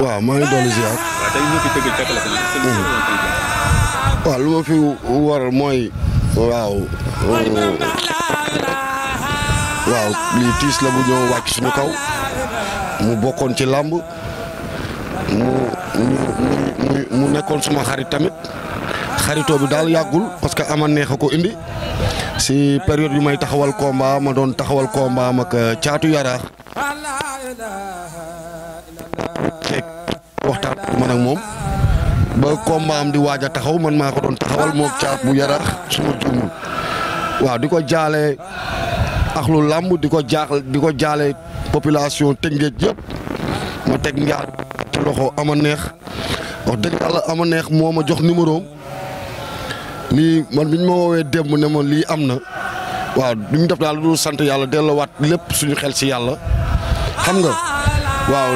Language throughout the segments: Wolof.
waaw maa ngi dolli ziar. waaw lu ma fi waral mooy. waaw. waaw lii tiis la bu ñëw wàcc suñu kaw mu bokkoon ci làmb mu mu nekkoon suma xarit tamit xaritoo bi daal yàggul parce que ama neex a ko indi si période yu may taxawal combat ma doon taxawal combat am ak euh, caatu yaraax teg waxtaan man ak moom ba combat am di waaj a taxaw man maa ko doon taxawal moom caat bu yaraax suma juumul waaw di ko jaale axlu làmb di ko jaaxle di ko jaale population Tëngéej yëpp ma teg njaal ci loxo ama neex moom dëgg ma jox numéro nii man bi ñu ma woowee démb ne ma lii am na waaw du ñu def daal du sant yàlla delloowaat lépp suñu xel ci yàlla xam nga. waaw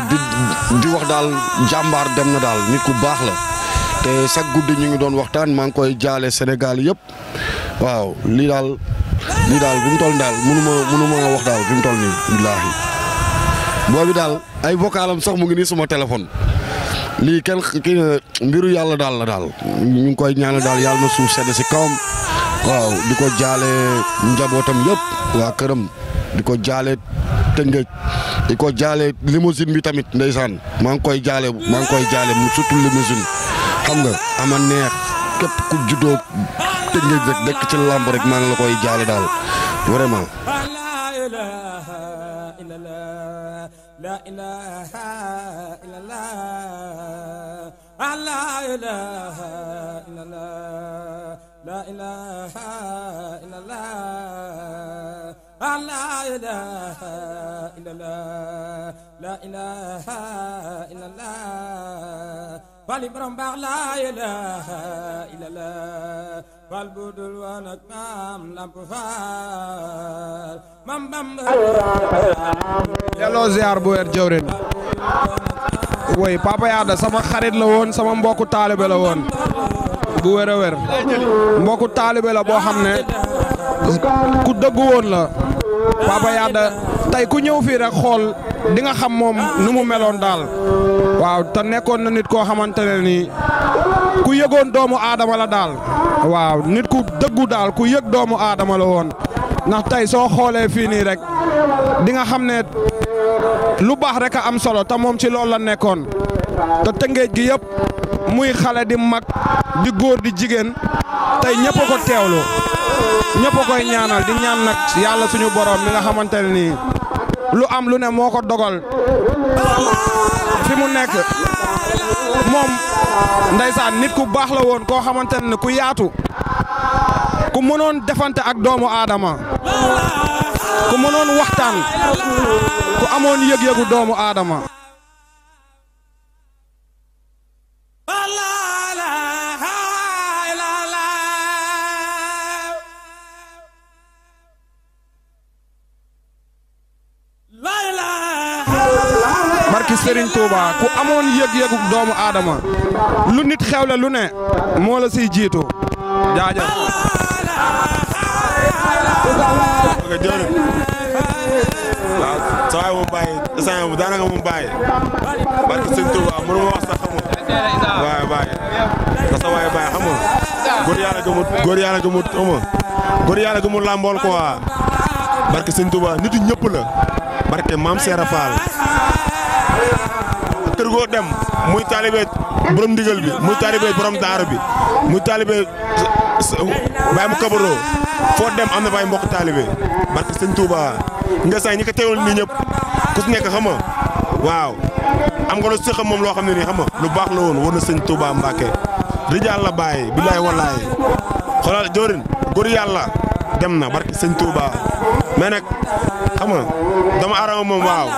di wax daal jàmbaar dem na daal nit ku baax la te chaque guddi ñu ngi doon waxtaan maa ngi koy jaale Sénégal yëpp waaw lii daal lii daal bi mu toll daal mënu ma wax daal bi mu toll boobi daal ay vocalam sax mu ngi nii suma téléphone lii kenn kii mbiru yàlla daal la daal ñu ngi koy ñaanal daal yàlla ma suuf sedd si kawam waaw di ko jaale njabootam yëpp waa këram di ko jaale Tëngéej di ko jaale limousine bi tamit ndeysaan maa ngi koy jaale maa ngi koy jaale surtout limousine xam nga ama neex képp ku juddoo Tëngéej rek dëkk ci làmb rek maa ngi la koy jaale daal vraiment. la ilaha illallah la ilaha illallah لا إله إلا الله لا إله إلا الله فالي برم لا إله إلا الله فالبدل وانك مام لامب فال مام بام yàlla ziar bu wér jëwrin woy Papa Yada sama xarit la woon sama mbokku taalibe la woon bu wér a wér mbokku taalibe la boo xam ne ku dëggu woon la Papa ah, Yada tey ku ñëw fii rek xool di nga xam moom nu mu meloon daal waaw te nekkoon na nit koo xamante ne nii ku yëgoon doomu aadama la daal waaw nit ku dëggu daal ku yëg doomu aadama la woon ndax tey soo xoolee fii nii rek di nga xam ne lu baax rek a am solo ta moom ci loolu la nekkoon te tëngéej gi yépp muy xale di mag di góor di jigéen tey ñëpp a ko teewlu. ñëpp a koy ñaanal di ñaan nag yàlla suñu borom mi nga xamante ne nii lu am lu ne moo ko dogal fi mu nekk moom ndeysaan nit ku baax la woon koo xamante ne ku yaatu ku mënoon defante ak doomu aadama ku mënoon waxtaan ku amoon yëg-yëgu doomu aadama barki Serigne Touba ku amoon yëg-yëgu doomu aadama lu nit xewle lu ne moo la siy jiitu jaajëf. waaw saa waay moom bàyyi saa waay moom daanaka moom bàyyi barki sax xam nga waay bàyyi xam nga góor yàlla gëmut góor yàlla gëmut xam nga góor yàlla gëmut làmbool quoi barki Serigne nit ñëpp barke maam Serap Fall. góor dem muy taalibe borom ndigal bi muy taalibe borom daaru bi muy taalibe baay mu kabaroo foo dem am na baay mbokk taalibe barke sëñ Touba nga saay ñi ko teewul nii ñëpp ku si nekk xam waaw am nga lu si xam moom loo xam ne nii xam lu baax la woon war na sëñ Touba Mbacke rijaal la bàyyi billaay wallaay xoolal joorin góor yàlla dem na barke sëñ Touba mais nag xam nga moom waaw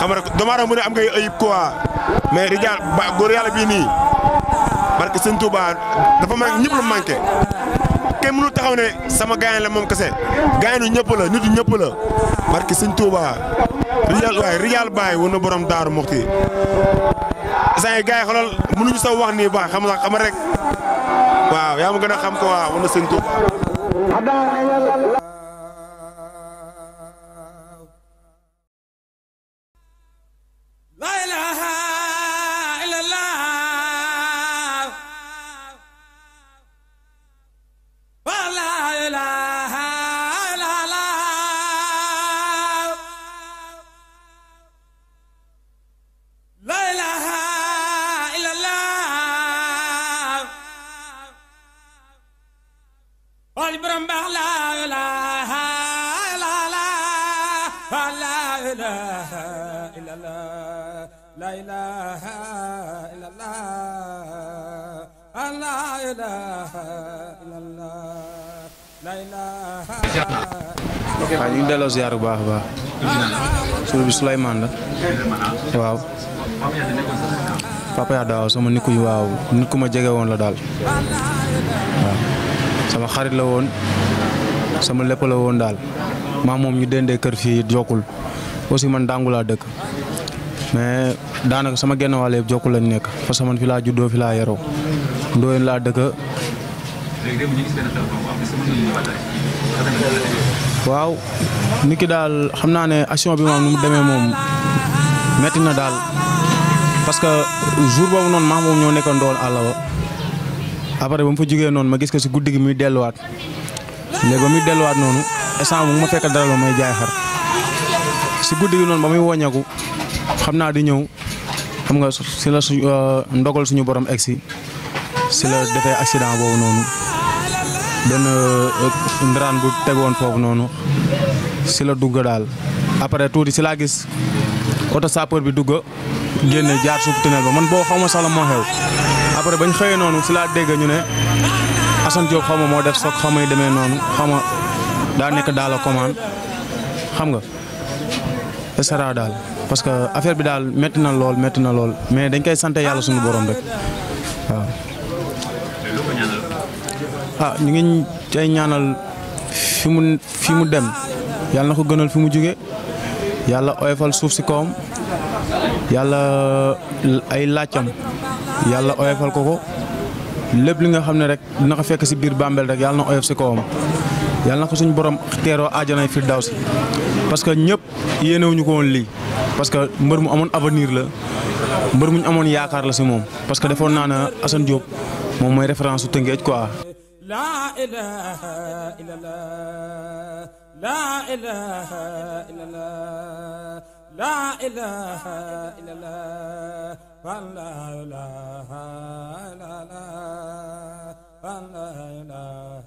xam rek dama arama mu ne am ngay ayib quoi mais rijaal ba góor yàlla bii nii barke sëñ Touba dafa ma ñëpp la manqué kenn mënu taxaw ne sama gaañ la moom kese gaañ nu ñëpp la nit ñi ñëpp la barke sëñ Touba rijaal waaye rijaal baay woon na borom daaru Muxti saa yi gars yi xoolal mënuñu sa wax nii baax xam nga rek waaw yaa gën a xam ko waaw woon na sëñ wal borom baax la ilaha illa Allah la ilaha illa Allah la ilaha illa Allah la ilaha illa Allah la ilaha waaw ñu ngi delloo ziar bu baax a baax. suur bi Souleymane la. waaw. papa yaa daaw sama nit ku waaw nit ku ma jege woon la daal. sama xarit la woon sama lépp la woon daal maa moom ñu dendee kër fii jokkul aussi man dàngu laa dëkk mais daanaka sama genn wàll yëpp jokkul lañ nekk parce que man fi laa juddoo fi laa yaroo ndooyeen laa dëkk. waaw nit ki daal xam naa ne action bi moom nu mu demee moom metti na daal parce que jour boobu noonu maa moom ñoo nekkoon doon àll après ba mu fa jógee noonu ma gis ko si guddi gi muy delluwaat léegi ba muy delluwaat noonu instant bu ma fekk dara la mooy jaay xar si guddi gi noonu ba muy wàññeeku xam naa di ñëw xam nga si la su euh, ndogal suñu borom egg si si la defee accident boobu noonu benn euh, ndaraan bu tegoon foofu noonu si la dugg daal après tuuti si laa gis oto sapeur bi dugg génne jaar suuf tunnel ba man boo xaw ma sax la après bañ xëyee noonu si laa dégg ñu ne Assane Diop xaw moo def soog xaw demee noonu xaw ma daa nekk daal la commande xam nga et daal parce que affaire bi daal métti na lool metti na lool mais dañ koy sant yàlla suñu borom rek waaw. ah ñu ngi cay ñaanal fi mu fi mu dem yàlla na ko gënal fi mu jóge yàlla oyofal suuf si kawam yàlla ay laajam yàlla oyofal ko ko lépp li nga xam ne rek dina ko fekk si biir Bambel rek yàlla na oyof si kawam yàlla na ko suñu borom teeroo aajanay Firdawsi parce que ñëpp yéenewuñu ko woon lii parce que mbër mu amoon avenir la mbër mu ñu amoon yaakaar la si moom parce que defoon naa ason Assane moom mooy référence su Tëngéej quoi. la la la la